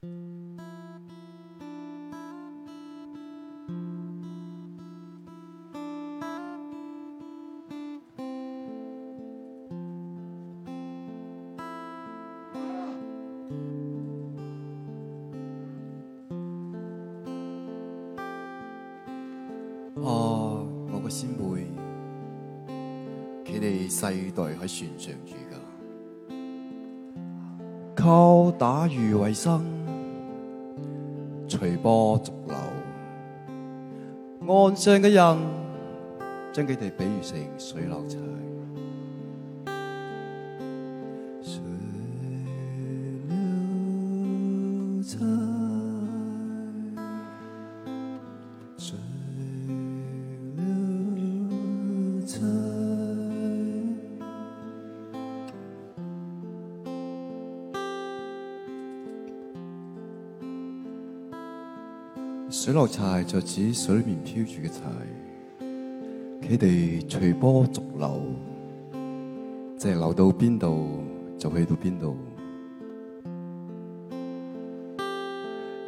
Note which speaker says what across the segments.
Speaker 1: 啊、我我個先輩，佢哋世代喺船上住噶，靠打魚為生。隨波逐流，岸上嘅人將佢哋比喻成水流柴。柴就似水面漂住嘅柴，佢哋隨波逐流，即係流到邊度就去到邊度。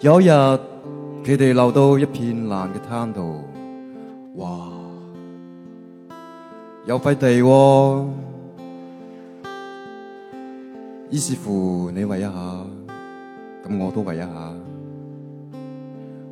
Speaker 1: 有一日，佢哋流到一片爛嘅灘度，哇，有塊地，哦，於是乎你圍一下，咁我都圍一下。